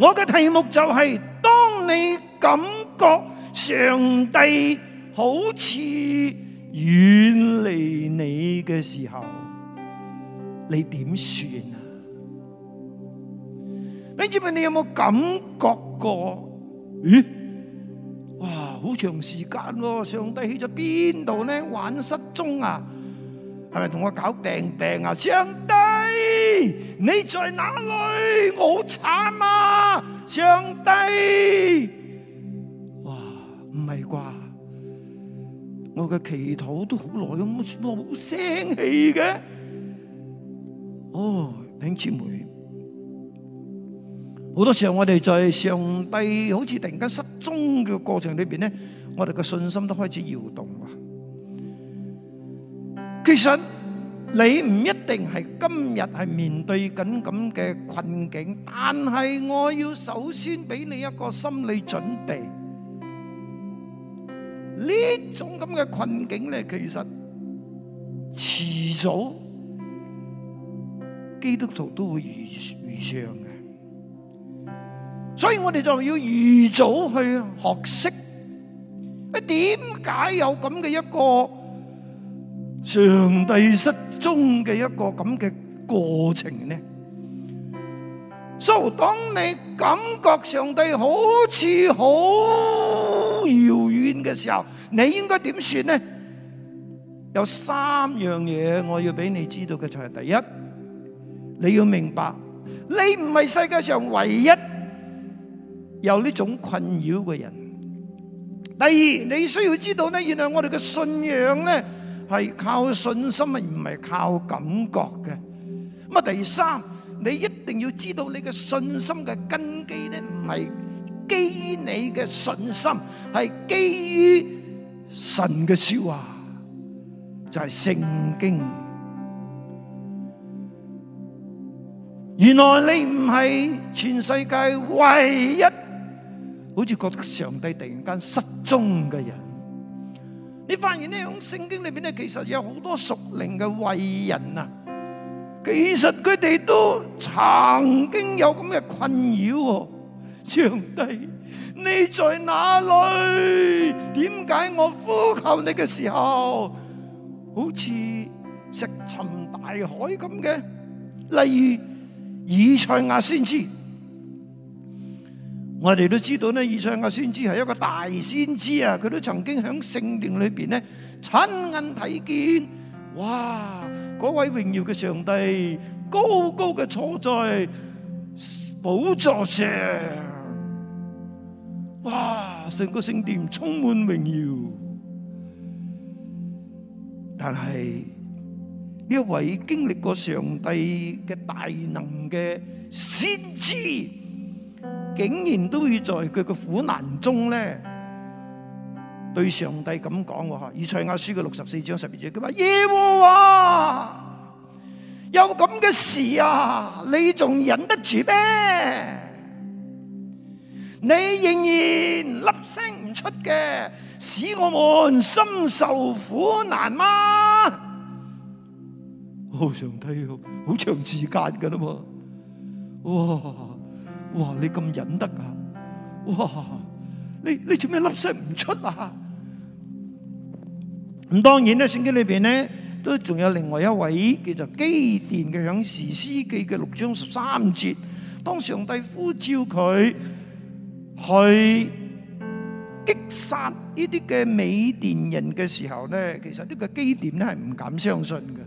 我嘅題目就係：當你感覺上帝好似遠離你嘅時候，你點算啊？你知唔知你有冇感覺過？咦，哇，好長時間喎，上帝去咗邊度呢？玩失蹤啊？係咪同我搞病病啊？上帝？你在哪裏？我好慘啊！上帝，哇，唔係啩？我嘅祈禱都好耐咁冇聲氣嘅。哦，弟兄姊妹，好多時候我哋在上帝好似突然間失蹤嘅過程裏邊呢，我哋嘅信心都開始搖動啦。其實。你唔一定係今日係面對緊噉嘅困境，但係我要首先畀你一個心理準備。呢種噉嘅困境呢，其實遲早基督徒都會遇上嘅。所以我哋要預早去學識，誒，點解有噉嘅一個上帝失蹤嘅一個咁嘅過程呢。所以當你感覺上帝好似好遙遠嘅時候，你應該點算呢？有三樣嘢我要俾你知道嘅就係、是：第一，你要明白你唔係世界上唯一有呢種困擾嘅人；第二，你需要知道呢，原來我哋嘅信仰呢，係靠信心啊，而唔係靠感覺嘅。咁啊，第三，你一定要知道你嘅信心嘅根基咧，唔係基於你嘅信心，係基於神嘅說話，就係聖經。原來你唔係全世界唯一好似覺得上帝突然間失蹤嘅人。你發現呢，喺聖經裏邊咧，其實有好多屬靈嘅偉人啊，其實佢哋都曾經有咁嘅困擾。上帝，你在哪裏？點解我呼求你嘅時候，好似石沉大海咁嘅？例如以賽亞先知。我哋都知道咧，以賽亞嘅先知係一個大先知啊！佢都曾經喺聖殿裏邊咧，親眼睇見，哇！嗰位榮耀嘅上帝高高嘅坐在寶座上，哇！成個聖殿充滿榮耀，但係呢一位經歷過上帝嘅大能嘅先知。竟然都要在佢嘅苦難中咧，對上帝咁講喎，嗬！以賽亞書嘅六十四章十二節，佢話，耶和華有咁嘅事啊，你仲忍得住咩？你仍然粒聲唔出嘅，使我們深受苦難嗎？好上帝，好長時間噶啦嘛，哇！哇！你咁忍得噶？哇！你你做咩粒聲唔出啊？咁當然咧，聖經裏邊咧都仲有另外一位叫做基甸嘅，響士師記嘅六章十三節，當上帝呼召佢去擊殺呢啲嘅美甸人嘅時候咧，其實呢個基甸咧係唔敢相信嘅，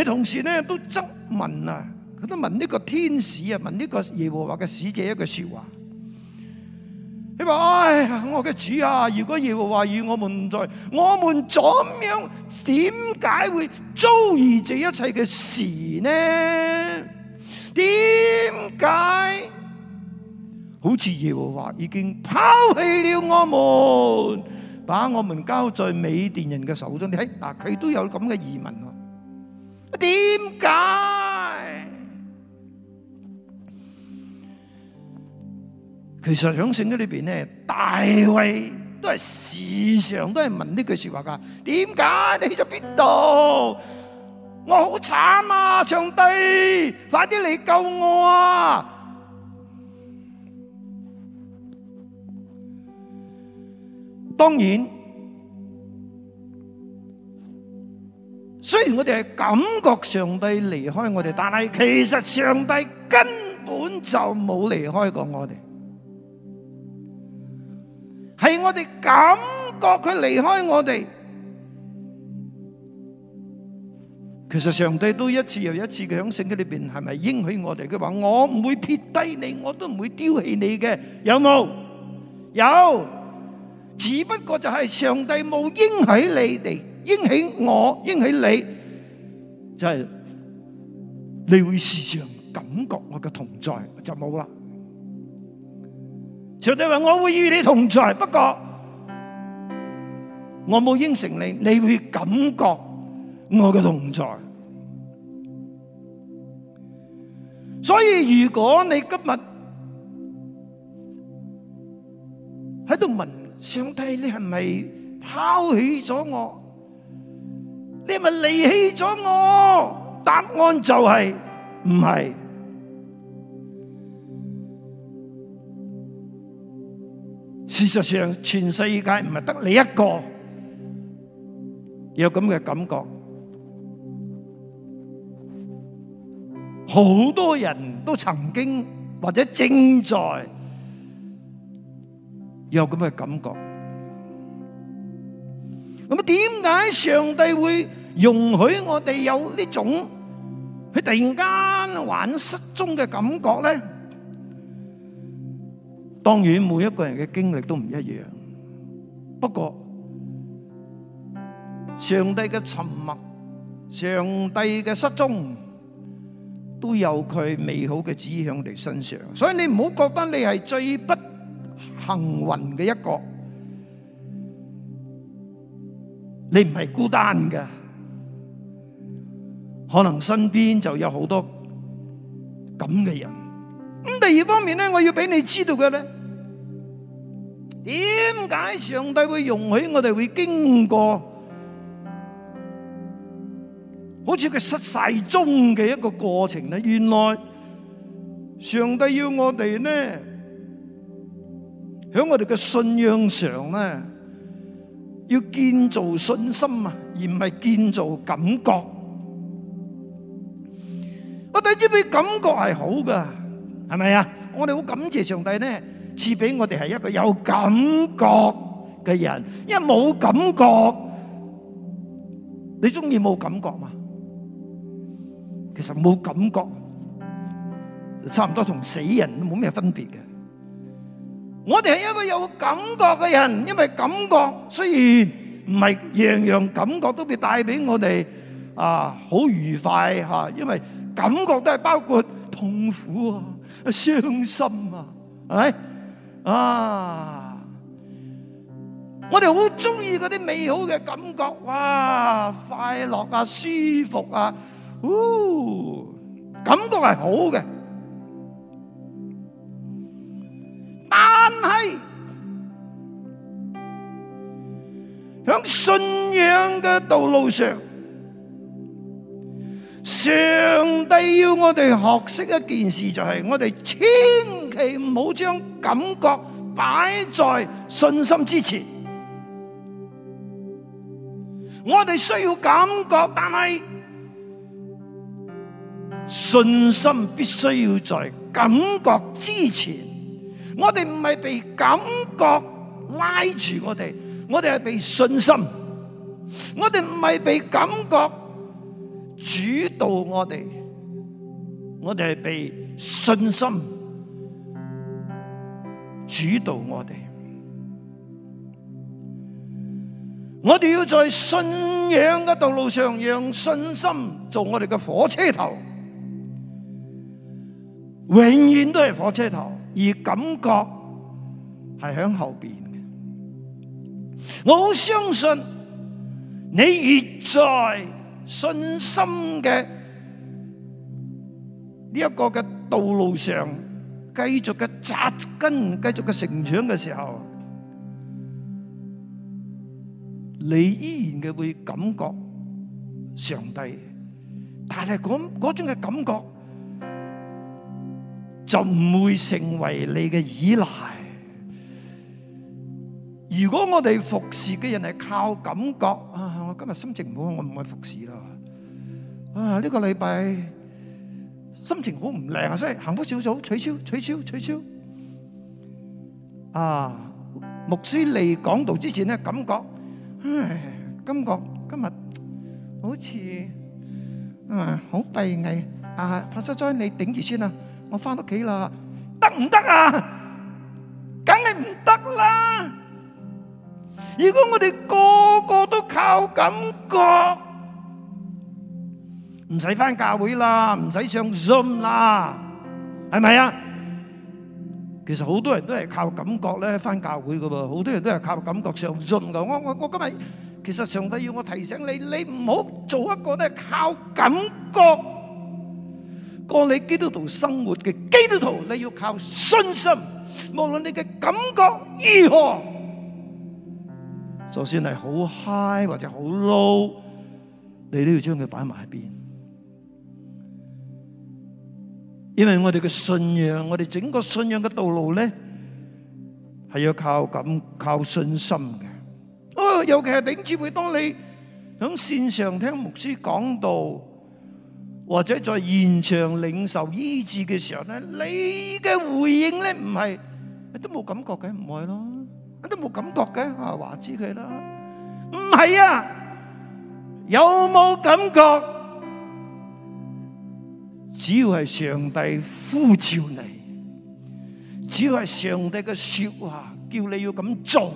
佢同時咧都質問啊。佢都問呢個天使啊，問呢個耶和華嘅使者一句說話。你話：唉、哎，我嘅主啊，如果耶和華與我們在，我們怎樣？點解會遭遇這一切嘅事呢？點解？好似耶和華已經拋棄了我們，把我們交在美甸人嘅手中。你睇，嗱佢都有咁嘅疑問。點解？其實喺聖經裏邊咧，大衛都係時常都係問呢句說話㗎：點解你去咗邊度？我好慘啊！上帝，快啲嚟救我啊！當然，雖然我哋係感覺上帝離開我哋，但係其實上帝根本就冇離開過我哋。係我哋感覺佢離開我哋，其實上帝都一次又一次嘅喺聖經裏邊，係咪應許我哋？佢話我唔會撇低你，我都唔會丟棄你嘅，有冇？有，只不過就係上帝冇應許你哋，應許我，應許你，就係你會時常感覺我嘅同在，就冇啦。上帝話我會與你同在，不過我冇應承你，你會感覺我嘅同在。所以如果你今日喺度問上帝，你係咪拋棄咗我？你係咪離棄咗我？答案就係唔係。事實上，全世界唔係得你一個有咁嘅感覺，好多人都曾經或者正在有咁嘅感覺。咁啊，點解上帝會容許我哋有呢種佢突然間玩失蹤嘅感覺咧？當然，每一個人嘅經歷都唔一樣。不過，上帝嘅沉默、上帝嘅失蹤，都有佢美好嘅指向你身上。所以你唔好覺得你係最不幸運嘅一個，你唔係孤單嘅。可能身邊就有好多咁嘅人。咁第二方面咧，我要俾你知道嘅咧，點解上帝會容許我哋會經過好似佢失晒蹤嘅一個過程咧？原來上帝要我哋咧，響我哋嘅信仰上咧，要建造信心啊，而唔係建造感覺。我哋知唔知感覺係好噶？係咪啊？我哋好感謝上帝咧，賜俾我哋係一個有感覺嘅人。因為冇感覺，你中意冇感覺嘛？其實冇感覺，就差唔多同死人都冇咩分別嘅。我哋係一個有感覺嘅人，因為感覺雖然唔係樣樣感覺都被帶俾我哋啊，好愉快吓。因為感覺都係包括痛苦啊。傷心啊，係啊！我哋好中意嗰啲美好嘅感覺，哇！快樂啊，舒服啊，哦，感覺係好嘅。但係喺信仰嘅道路上。上帝要我哋學識一件事，就係我哋千祈唔好將感覺擺在信心之前。我哋需要感覺，但係信心必須要在感覺之前。我哋唔係被感覺拉住我哋，我哋係被信心。我哋唔係被感覺。主導我哋，我哋係被信心主導我哋。我哋要在信仰嘅道路上，讓信心做我哋嘅火車頭，永遠都係火車頭，而感覺係響後邊。我相信你越在。信心嘅呢一個嘅道路上，繼續嘅扎根，繼續嘅成長嘅時候，你依然嘅會感覺上帝，但係嗰嗰種嘅感覺就唔會成為你嘅依賴。如果我哋服侍嘅人係靠感覺啊！我今日心情唔好，我唔去服侍啦。啊，呢個禮拜心情好唔靚啊，所以幸福小組取消，取消，取消。啊，牧師嚟講道之前呢，感覺唉，感覺今日好似啊好閉翳。啊，Pastor John，你頂住先啊，我翻屋企啦，得唔得啊？梗係唔得啦。如果我哋個個都靠感覺，唔使翻教會啦，唔使上 Zoom 啦，係咪啊？其實好多人都係靠感覺咧翻教會噶噃，好多人都係靠感覺上 Zoom 噶。我我我今日，其實上帝要我提醒你，你唔好做一個咧靠感覺過你基督徒生活嘅基督徒，你要靠信心，無論你嘅感覺如何。就算係好 high 或者好 low，你都要將佢擺埋一邊，因為我哋嘅信仰，我哋整個信仰嘅道路咧係要靠咁靠信心嘅。哦，尤其係頂住，會當你響線上聽牧師講道，或者在現場領受醫治嘅時候咧，你嘅回應咧唔係，你都冇感覺嘅，唔係咯。我都冇感覺嘅，話知佢啦，唔係啊，有冇感覺？只要係上帝呼召你，只要係上帝嘅說話叫你要咁做，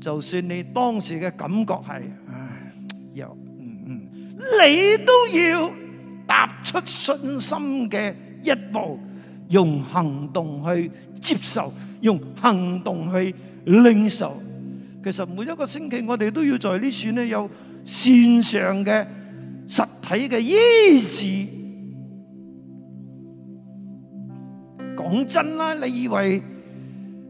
就算你當時嘅感覺係，唉，又嗯嗯，你都要踏出信心嘅一步，用行動去接受。用行動去領受，其實每一個星期我哋都要在呢處呢有線上嘅實體嘅醫治。講真啦，你以為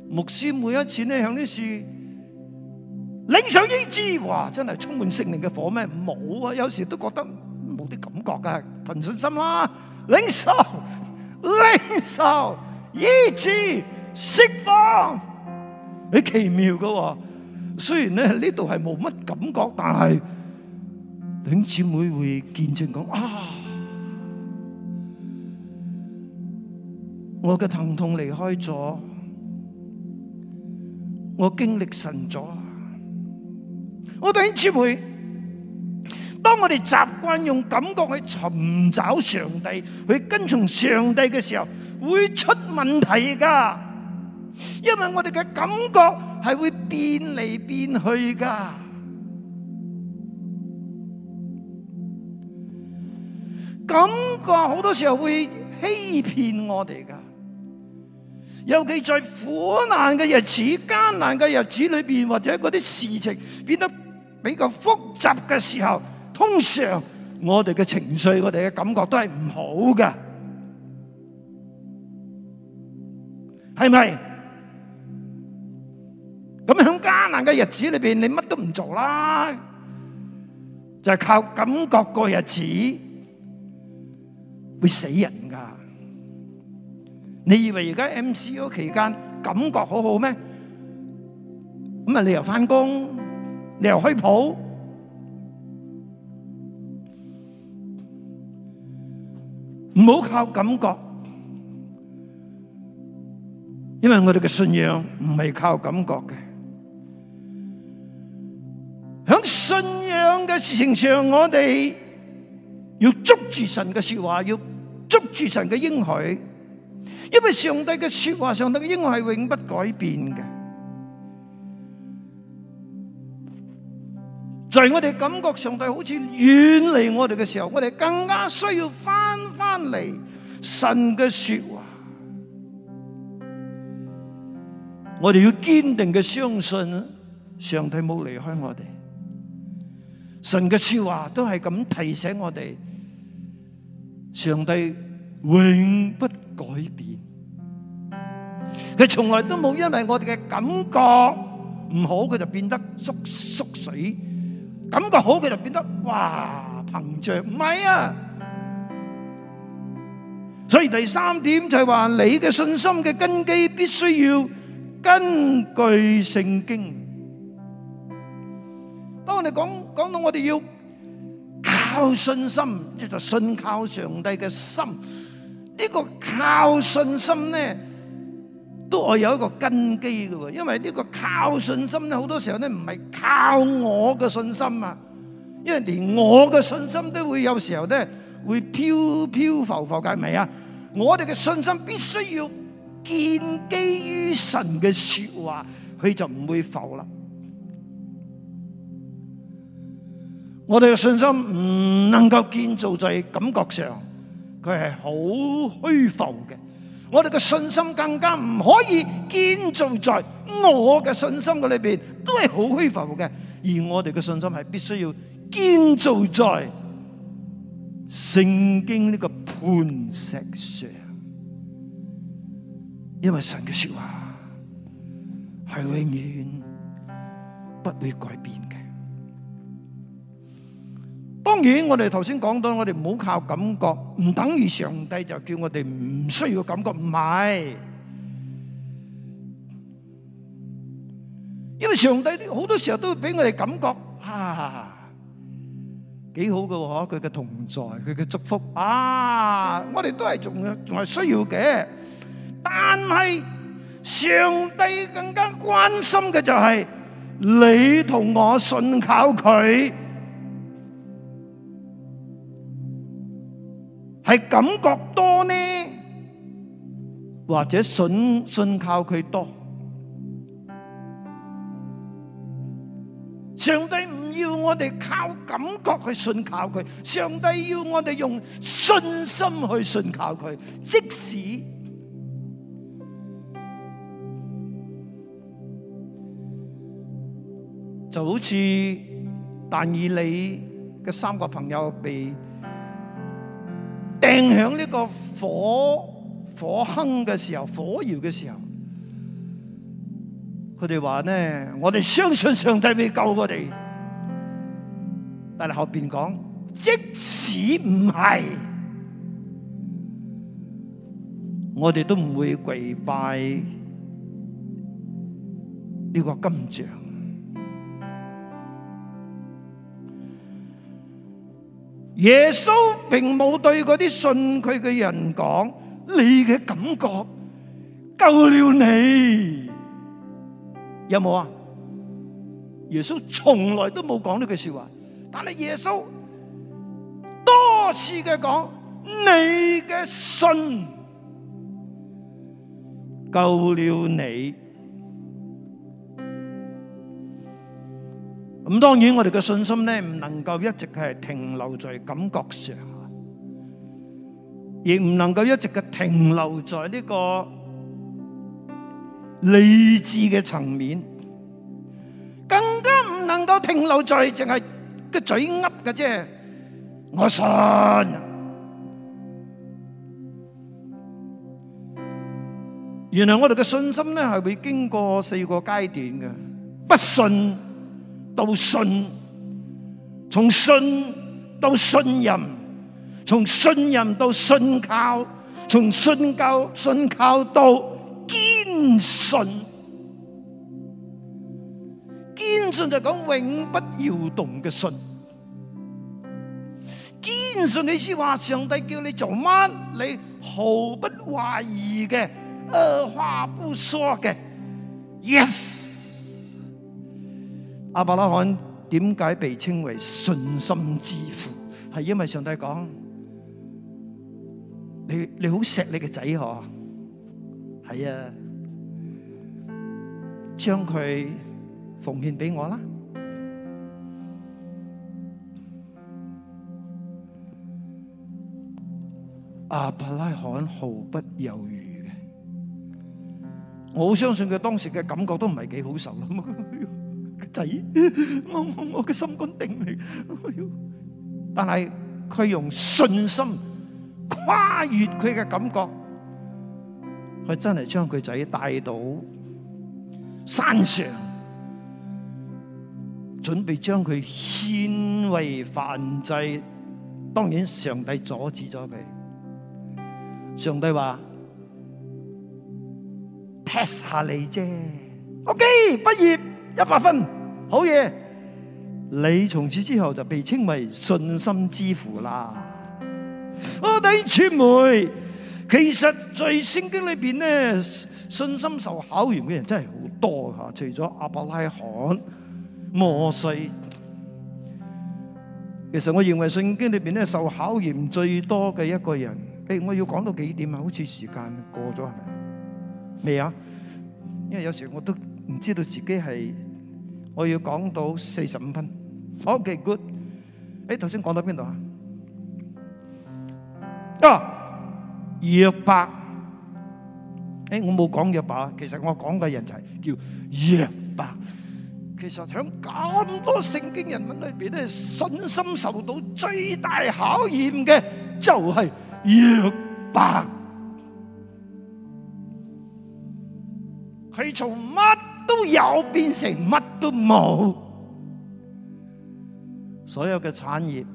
牧師每一次呢響呢處領受醫治，哇！真係充滿聖靈嘅火咩？冇啊，有時都覺得冇啲感覺㗎。憑信心啦，領受，領受醫治。釋放，你奇妙㗎。雖然咧呢度係冇乜感覺，但係弟兄姊妹會見證講啊，我嘅疼痛離開咗，我經歷神咗。我弟兄姊妹，當我哋習慣用感覺去尋找上帝，去跟從上帝嘅時候，會出問題㗎。因為我哋嘅感覺係會變嚟變去噶，感覺好多時候會欺騙我哋噶，尤其在苦難嘅日子，艱難嘅日子裏邊，或者嗰啲事情變得比較複雜嘅時候，通常我哋嘅情緒、我哋嘅感覺都係唔好噶，係咪？咁喺艱難嘅日子裏邊，你乜都唔做啦，就係靠感覺過日子，會死人噶。你以為而家 MCO 期間感覺好好咩？咁啊，你又翻工，你又開鋪，唔好靠感覺，因為我哋嘅信仰唔係靠感覺嘅。嘅事情上，我哋要捉住神嘅說話，要捉住神嘅應許，因為上帝嘅說話、上帝嘅應許係永不改變嘅。在我哋感覺上帝好似遠離我哋嘅時候，我哋更加需要翻翻嚟神嘅說話。我哋要堅定嘅相信，上帝冇離開我哋。神嘅說話都係咁提醒我哋，上帝永不改變。佢從來都冇因為我哋嘅感覺唔好，佢就變得縮縮水；感覺好，佢就變得哇膨脹，唔係啊！所以第三點就係話，你嘅信心嘅根基必須要根據聖經。講講到我哋要靠信心，叫做信靠上帝嘅心。呢個靠信心咧，都係有一個根基嘅。因為呢個靠信心咧，好多時候咧唔係靠我嘅信心啊，因為連我嘅信心都會有時候咧會飄飄浮浮，介未啊？我哋嘅信心必須要建基於神嘅說話，佢就唔會浮啦。我哋嘅信心唔能夠建造在感覺上，佢係好虛浮嘅。我哋嘅信心更加唔可以建造在我嘅信心嘅裏邊，都係好虛浮嘅。而我哋嘅信心係必須要建造在聖經呢個磐石上，因為神嘅說話係永遠不會改變。當然，我哋頭先講到，我哋唔好靠感覺，唔等於上帝就叫我哋唔需要感覺，唔係，因為上帝好多時候都會俾我哋感覺，啊，幾好㗎喎，佢嘅同在，佢嘅祝福啊，我哋都係仲仲係需要嘅，但係上帝更加關心嘅就係你同我信靠佢。係感覺多呢，或者信信靠佢多。上帝唔要我哋靠感覺去信靠佢，上帝要我哋用信心去信靠佢。即使就好似但以理嘅三個朋友被正響呢個火火坑嘅時候，火窯嘅時候，佢哋話咧：我哋相信上帝會救我哋，但係後邊講，即使唔係，我哋都唔會跪拜呢個金像。耶穌並冇對嗰啲信佢嘅人講，你嘅感覺救了你，有冇啊？耶穌從來都冇講呢句說話，但係耶穌多次嘅講，你嘅信救了你。咁當然，我哋嘅信心咧，唔能夠一直係停留在感覺上，亦唔能夠一直嘅停留在呢個理智嘅層面，更加唔能夠停留在淨係個嘴噏嘅啫。我信，原來我哋嘅信心咧，係會經過四個階段嘅，不信，到信，從信到信任，從信任到信靠，從信靠信靠到堅信。堅信就講永不搖動嘅信。堅信你知話，上帝叫你做乜，你毫不懷疑嘅，二話不說嘅，yes。亞伯拉罕點解被稱為信心之父？係因為上帝講：你你好錫你嘅仔嗬，係啊，將佢奉獻俾我啦。亞伯拉罕毫不猶豫嘅，我好相信佢當時嘅感覺都唔係幾好受咯。仔，我我我嘅心肝定力，但係佢用信心跨越佢嘅感覺，佢真係將佢仔帶到山上，準備將佢獻為燔祭。當然上帝阻止咗佢，上帝話 test 下你啫，OK，畢業一百分。好嘢，你從此之後就被稱為信心之父啦！我哋傳媒，其實喺聖經裏邊咧，信心受考驗嘅人真係好多吓，除咗亞伯拉罕、摩西，其實我認為聖經裏邊咧受考驗最多嘅一個人，誒，我要講到幾點啊？好似時間過咗係咪？未啊？因為有時我都唔知道自己係。我要講到四十五分，Okay，good。誒，頭先講到邊度啊？啊，約伯。誒，我冇講約伯啊，其實我講嘅人就係叫約伯。其實喺咁多聖經人物裏邊咧，信心受到最大考驗嘅就係約伯。佢做乜？都有變成乜都冇，所有嘅產業、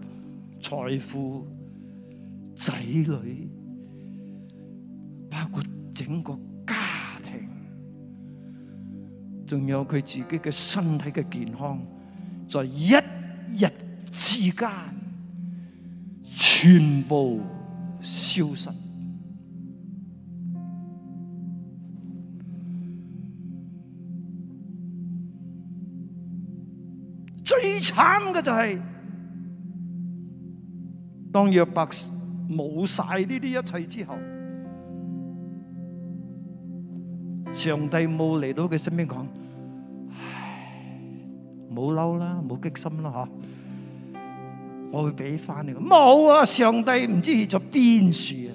財富、仔女，包括整個家庭，仲有佢自己嘅身體嘅健康，在一日之間，全部消失。最慘嘅就係、是，當約伯冇晒呢啲一切之後，上帝冇嚟到佢身邊講，冇嬲啦，冇激心啦，嗬，我會俾翻你。冇啊，上帝唔知去咗邊處啊，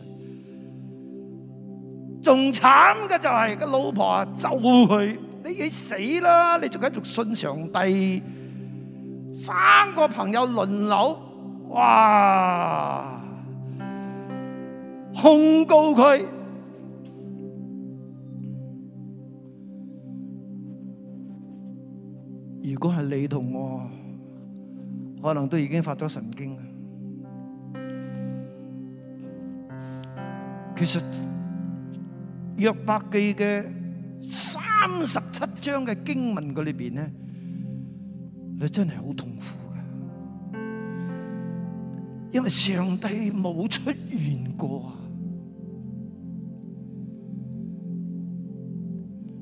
仲慘嘅就係、是，個老婆走佢，你死啦，你仲繼續信上帝。三個朋友輪流，哇！控告佢。如果係你同我，可能都已經發咗神經啦。其實約伯記嘅三十七章嘅經文嗰裏邊呢，你真係好痛苦噶，因為上帝冇出現過啊！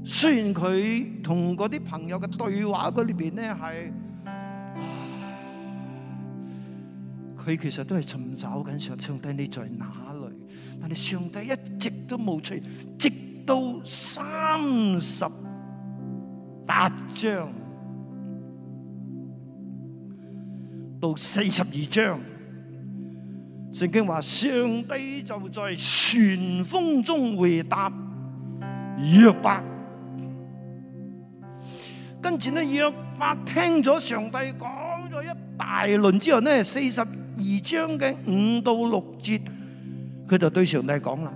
雖然佢同嗰啲朋友嘅對話嗰裏邊呢，係，佢其實都係尋找緊上帝，上帝你在哪裏，但係上帝一直都冇出現，直到三十八章。到四十二章，聖經話上帝就在旋風中回答約伯，跟住呢，約伯聽咗上帝講咗一大輪之後呢，四十二章嘅五到六節，佢就對上帝講啦：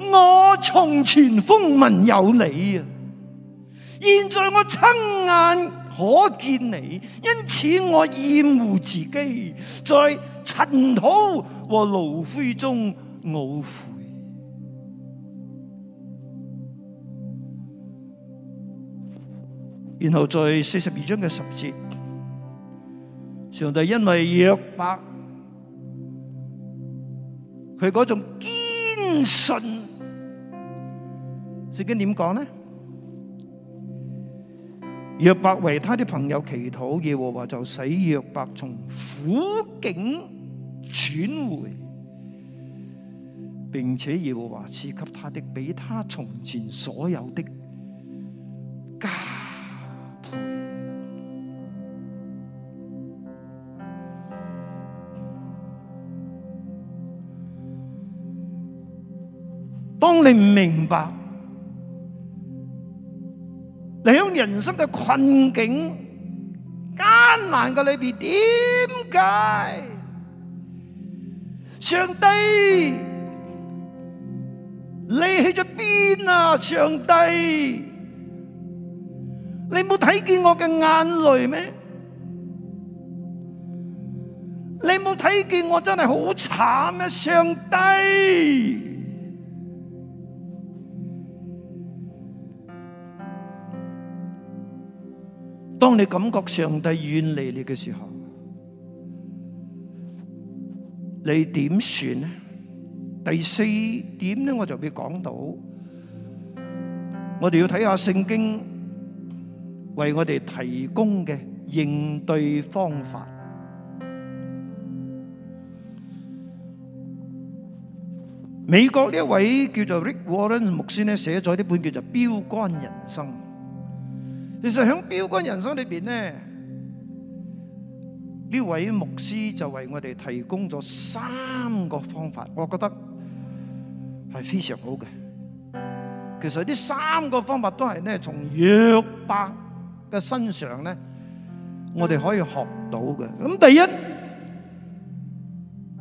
我從前風聞有你啊，現在我親眼可見你，因此我厭惡自己，在塵土和爐灰中懊悔。然後在四十二章嘅十節，上帝因為約伯，佢嗰種堅信，自己點講呢？約伯為他的朋友祈禱，耶和華就使約伯從苦境轉回，並且耶和華賜給他的比他從前所有的加倍。當你唔明白。你喺人生嘅困境艱的裏面、艱難嘅裏邊，點解上帝你去咗邊啊？上帝，你冇睇見我嘅眼淚咩？你冇睇見我真係好慘咩？上帝！當你感覺上帝遠離你嘅時候，你點算呢？第四點呢，我就會講到，我哋要睇下聖經為我哋提供嘅應對方法。美國呢一位叫做 Rick Warren 牧師呢，寫咗呢本叫做《標杆人生》。其實喺標杆人生裏邊咧，呢位牧師就為我哋提供咗三個方法，我覺得係非常好嘅。其實呢三個方法都係咧從約伯嘅身上咧，我哋可以學到嘅。咁第一，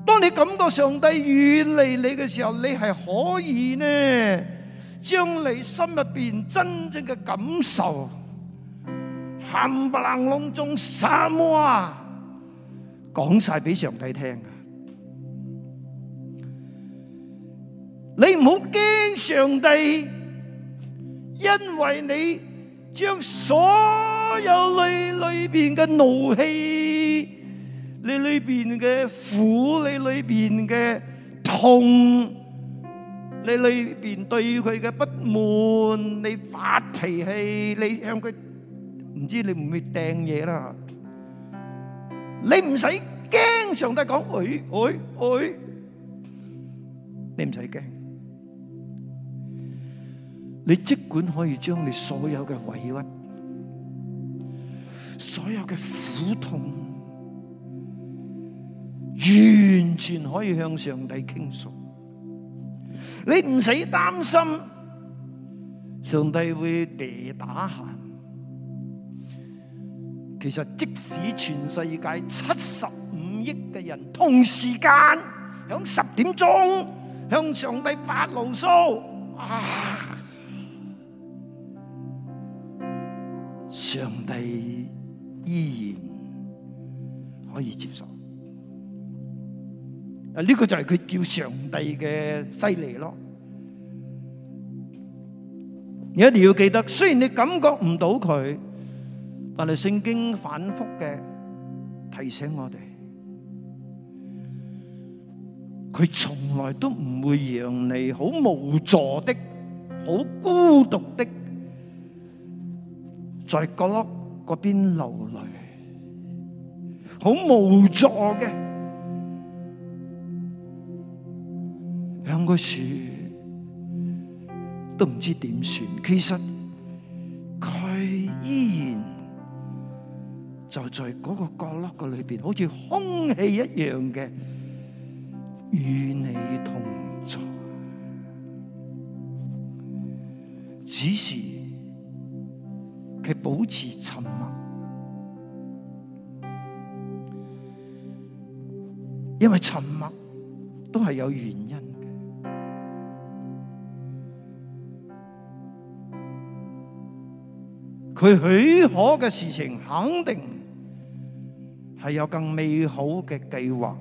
當你感到上帝遠離你嘅時候，你係可以咧將你心入邊真正嘅感受。冚唪唥攏中什麼啊？講晒俾上帝聽啊！你唔好驚上帝，因為你將所有你裏邊嘅怒氣、你裏邊嘅苦、你裏邊嘅痛、你裏邊對於佢嘅不滿、你發脾氣、你向佢。唔知你唔會掟嘢啦？你唔使驚，上帝講：喂喂喂，你唔使驚，你即管可以將你所有嘅委屈、所有嘅苦痛，完全可以向上帝傾訴。你唔使擔心，上帝會地打下。其實即使全世界七十五億嘅人同時間響十點鐘向上帝發牢騷，啊，上帝依然可以接受。啊，呢個就係佢叫上帝嘅犀利咯。你一定要記得，雖然你感覺唔到佢。但係聖經反覆嘅提醒我哋，佢從來都唔會讓你好無助的、好孤獨的，在角落嗰邊流淚，好無助嘅，響個樹都唔知點算，其實。就在嗰個角落裏邊，好似空氣一樣嘅，與你同在。只是佢保持沉默，因為沉默都係有原因嘅。佢許可嘅事情，肯定。係有更美好嘅計劃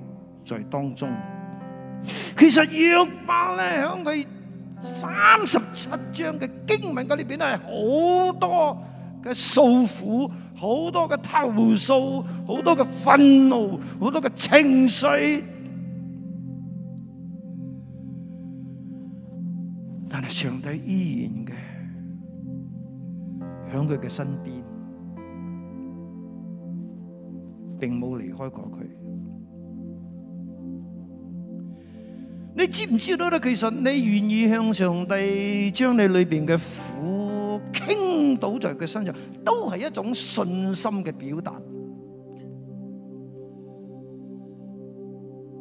在當中。其實約伯咧，喺佢三十七章嘅經文嗰裏邊，係好多嘅訴苦，好多嘅投訴，好多嘅憤怒，好多嘅情緒。但係上帝依然嘅喺佢嘅身邊。並冇離開過佢。你知唔知道咧？其實你願意向上帝將你裏邊嘅苦傾倒在佢身上，都係一種信心嘅表達。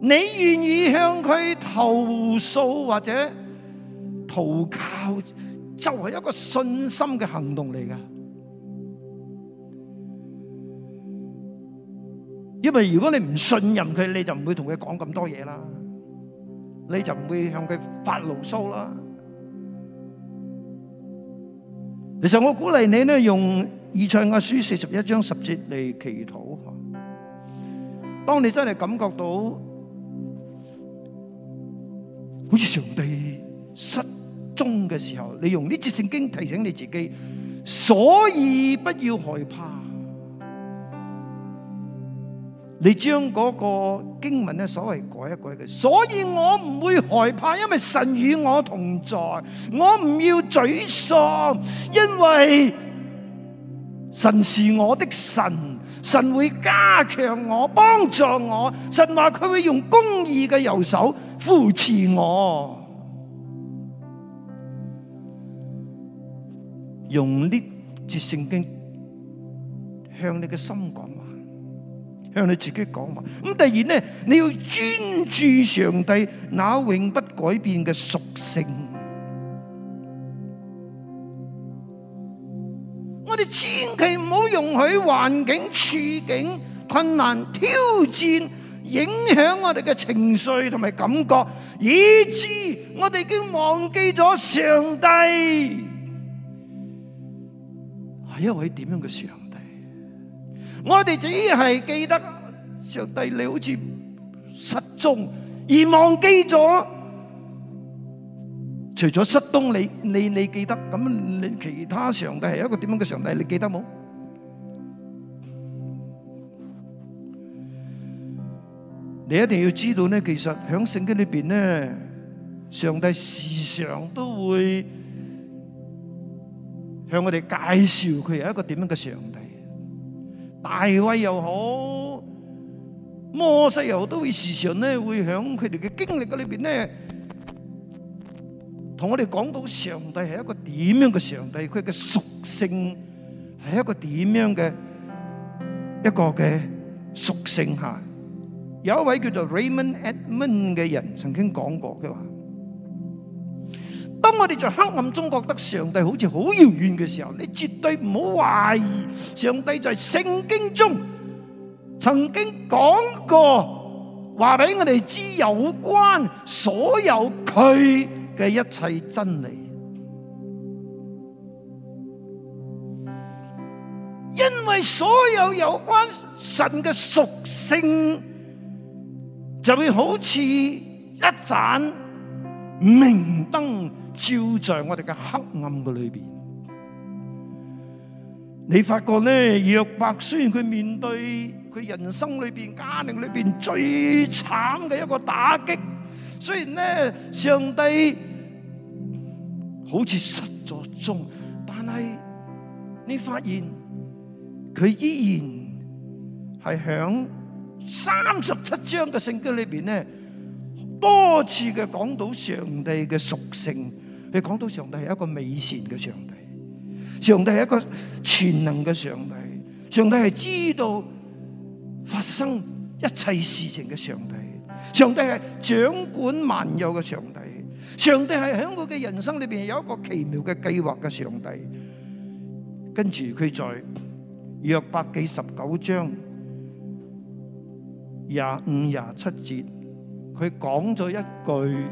你願意向佢投訴或者投靠，就係一個信心嘅行動嚟㗎。因為如果你唔信任佢，你就唔會同佢講咁多嘢啦，你就唔會向佢發牢騷啦。其實我鼓勵你咧，用以賽亞書四十一章十節嚟祈禱。當你真係感覺到好似上帝失蹤嘅時候，你用呢節聖經提醒你自己，所以不要害怕。你將嗰個經文咧，所謂改一改嘅，所以我唔會害怕，因為神與我同在，我唔要沮喪，因為神是我的神，神會加強我，幫助我，神話佢會用公義嘅右手扶持我，用呢節聖經向你嘅心講。向你自己講話。咁第二呢，你要專注上帝那永不改變嘅屬性。我哋千祈唔好容許環境、處境、困難、挑戰影響我哋嘅情緒同埋感覺，以致我哋已經忘記咗上帝係一位點樣嘅上。我哋只係記得上帝你好似失蹤，而忘記咗。除咗失蹤你你記得，噉你其他上帝係一個點樣嘅上帝你記得冇？你一定要知道咧，其實響聖經裏邊咧，上帝時常都會向我哋介紹佢係一個點樣嘅上帝。大衛又好，摩西又好，都會時常咧會響佢哋嘅經歷裏邊咧，同我哋講到上帝係一個點樣嘅上帝，佢嘅屬性係一個點樣嘅一個嘅屬性吓，有一位叫做 Raymond Edmund 嘅人曾經講過佢話。當我哋在黑暗中覺得上帝好似好遙遠嘅時候，你絕對唔好懷疑上帝在聖經中曾經講過，話俾我哋知有關所有佢嘅一切真理。因為所有有關神嘅屬性，就會好似一盞明燈。照在我哋嘅黑暗嘅裏邊，你發覺咧，約伯雖然佢面對佢人生裏邊、家庭裏邊最慘嘅一個打擊，雖然咧上帝好似失咗蹤，但係你發現佢依然係響三十七章嘅聖經裏邊咧，多次嘅講到上帝嘅屬性。你講到上帝係一個美善嘅上帝，上帝係一個全能嘅上帝，上帝係知道發生一切事情嘅上帝，上帝係掌管萬有嘅上帝，上帝係喺我嘅人生裏面有一個奇妙嘅計劃嘅上帝。跟住佢在約伯記十九章廿五廿七節，佢講咗一句。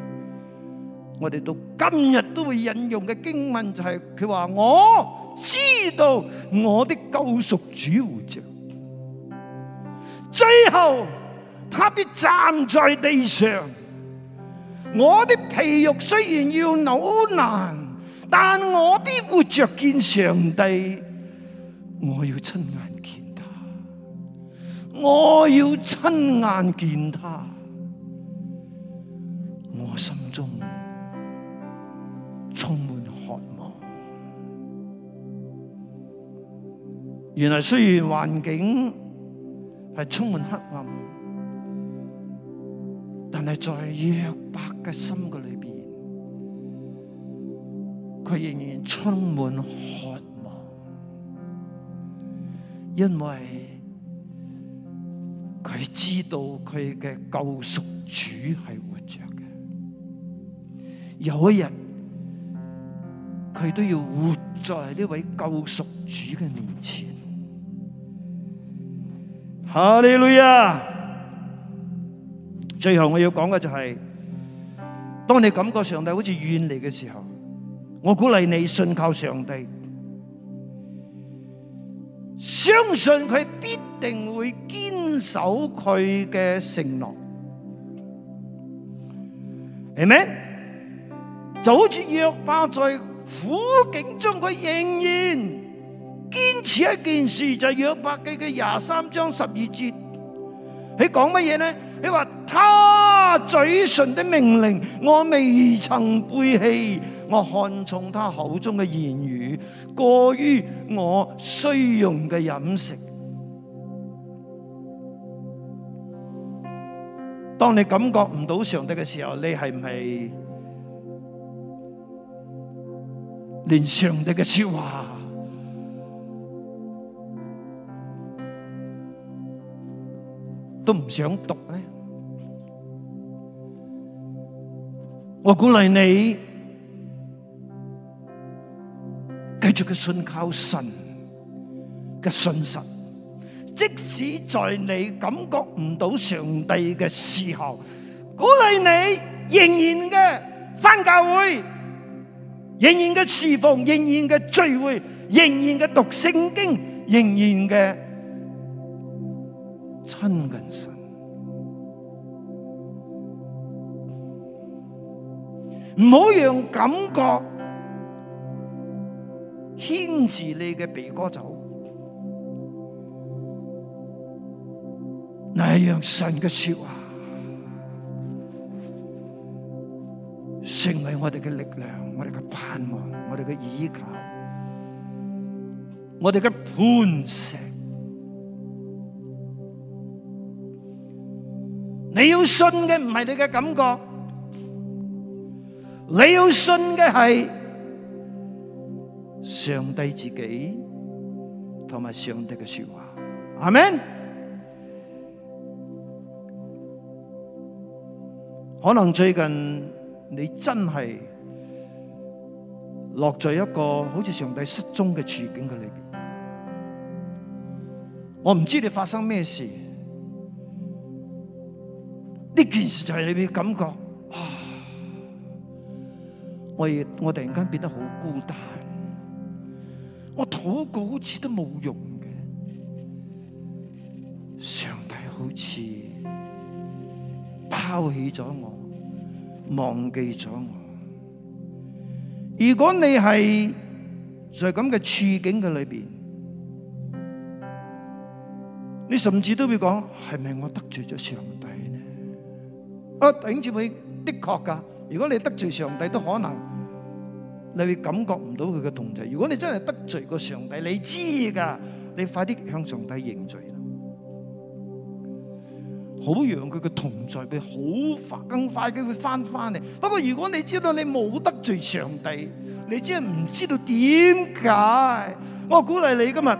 我哋到今日都會引用嘅經文就係佢話，我知道我的救贖主活着，最後他必站在地上。我的皮肉雖然要苦難，但我必活着見上帝。我要親眼見他，我要親眼見他。充滿渴望。原來雖然環境係充滿黑暗，但係在約伯嘅心嘅裏邊，佢仍然充滿渴望，因為佢知道佢嘅救贖主係活着嘅。有一日佢都要活在呢位救贖主嘅面前。哈利路亞，最後我要講嘅就係，當你感覺上帝好似遠離嘅時候，我鼓勵你信靠上帝，相信佢必定會堅守佢嘅承諾。阿門。就好似約巴在。苦境中佢仍然堅持一件事，就約伯記嘅廿三章十二節，佢講乜嘢呢？你話他嘴唇的命令，我未曾背棄；我看重他口中嘅言語，過於我需用嘅飲食。當你感覺唔到上帝嘅時候，你係唔係？連上帝嘅說話都唔想讀呢，我鼓勵你繼續嘅信靠神嘅信實，即使在你感覺唔到上帝嘅時候，鼓勵你仍然嘅返教會。仍然嘅侍奉，仍然嘅聚會，仍然嘅讀聖經，仍然嘅親近神，唔好讓感覺牽住你嘅鼻哥走，乃讓神嘅說話。我哋嘅力量，我哋嘅盼望，我哋嘅依靠，我哋嘅磐石。你要信嘅唔係你嘅感覺，你要信嘅係上帝自己同埋上帝嘅說話。阿門。可能最近。你真係落在一個好似上帝失蹤嘅處境嘅裏邊，我唔知你發生咩事，呢件事就係你嘅感覺啊！我亦我突然間變得好孤單，我禱告好似都冇用嘅，上帝好似拋棄咗我。忘記咗我。如果你係在咁嘅處境嘅裏邊，你甚至都會講，係咪我得罪咗上帝呢？啊，頂住佢，的確噶，如果你得罪上帝，都可能你會感覺唔到佢嘅痛疾。如果你真係得罪過上帝，你知噶，你快啲向上帝認罪。好讓佢嘅同在，佢好快更快，佢會翻翻嚟。不過如果你知道你冇得罪上帝，你真係唔知道點解。我鼓勵你今日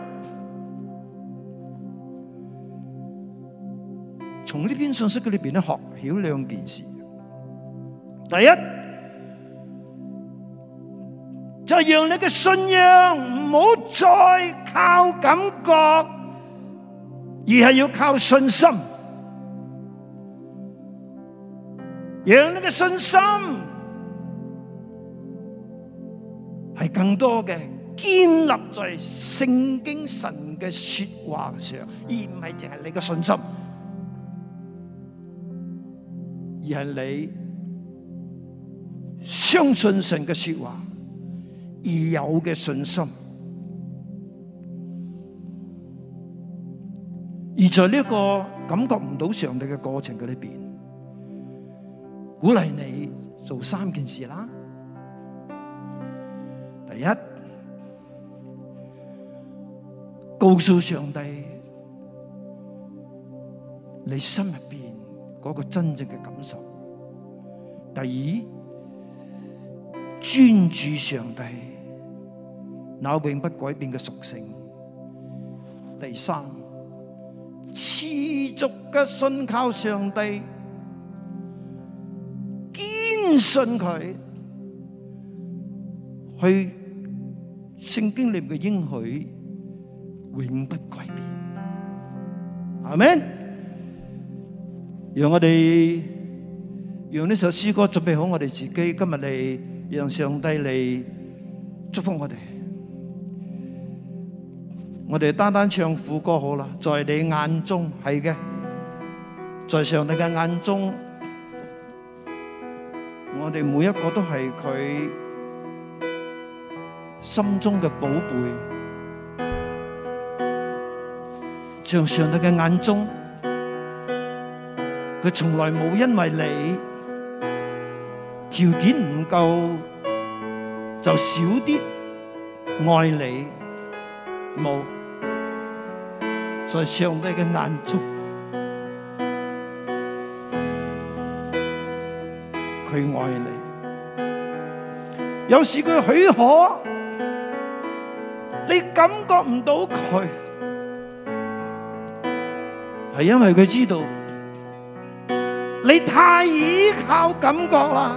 從呢篇信息裏邊咧學曉兩件事。第一就係讓你嘅信仰唔好再靠感覺，而係要靠信心。讓你嘅信心係更多嘅建立在聖經神嘅說話上，而唔係淨係你嘅信心，而係你相信神嘅說話而有嘅信心。而在呢一個感覺唔到上帝嘅過程嗰裏邊。鼓勵你做三件事啦。第一，告訴上帝你心入邊嗰個真正嘅感受。第二，專注上帝那永不改變嘅屬性。第三，持續嘅信靠上帝。信佢，去聖經裏邊嘅應許永不改變。阿門！讓我哋用呢首詩歌準備好我哋自己，今日嚟讓上帝嚟祝福我哋。我哋單單唱副歌好啦，在你眼中係嘅，在上帝嘅眼中。我哋每一個都係佢心中嘅寶貝，像上帝嘅眼中，佢從來冇因為你條件唔夠就少啲愛你，冇，在上帝嘅眼中。佢愛你，有時佢許可，你感覺唔到佢，係因為佢知道你太依靠感覺啦。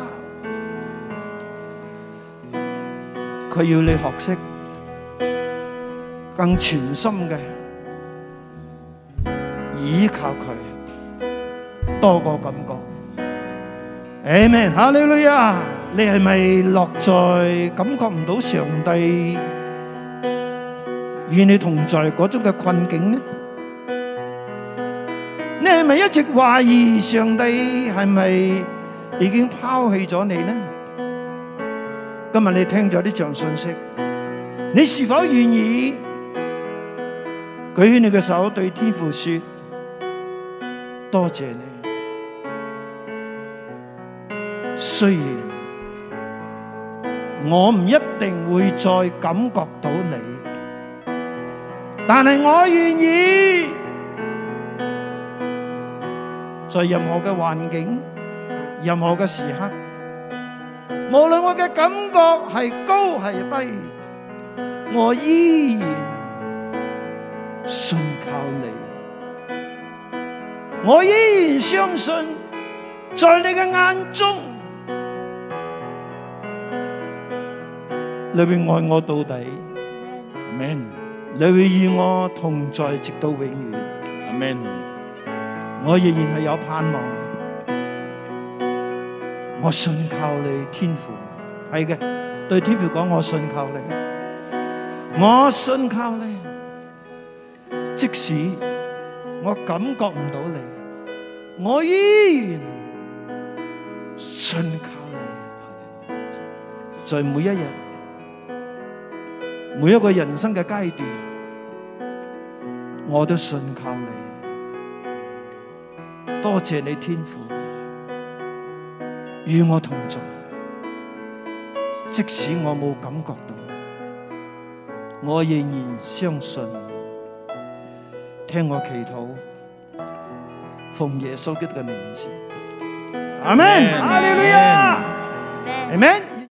佢要你學識更全心嘅依靠佢，多過感覺。Amen？哈，女女啊，你係咪落在感覺唔到上帝與你同在嗰種嘅困境呢？你係咪一直懷疑上帝係咪已經拋棄咗你呢？今日你聽咗呢場信息，你是否願意舉起你嘅手對天父說，多謝你？雖然我唔一定會再感覺到你，但係我願意在任何嘅環境、任何嘅時刻，無論我嘅感覺係高係低，我依然信靠你。我依然相信在你嘅眼中。你會愛我到底，Amen。你會與我同在直到永遠，Amen。我仍然係有盼望，我信靠你，天父，係嘅。對天父講，我信靠你，我信靠你。即使我感覺唔到你，我依然信靠你，在每一日。每一個人生的階段，我都信靠你。多謝你天父與我同在，即使我冇感覺到，我仍然相信。聽我祈禱，奉耶穌基督嘅名字。阿門！哈利路亞！阿門。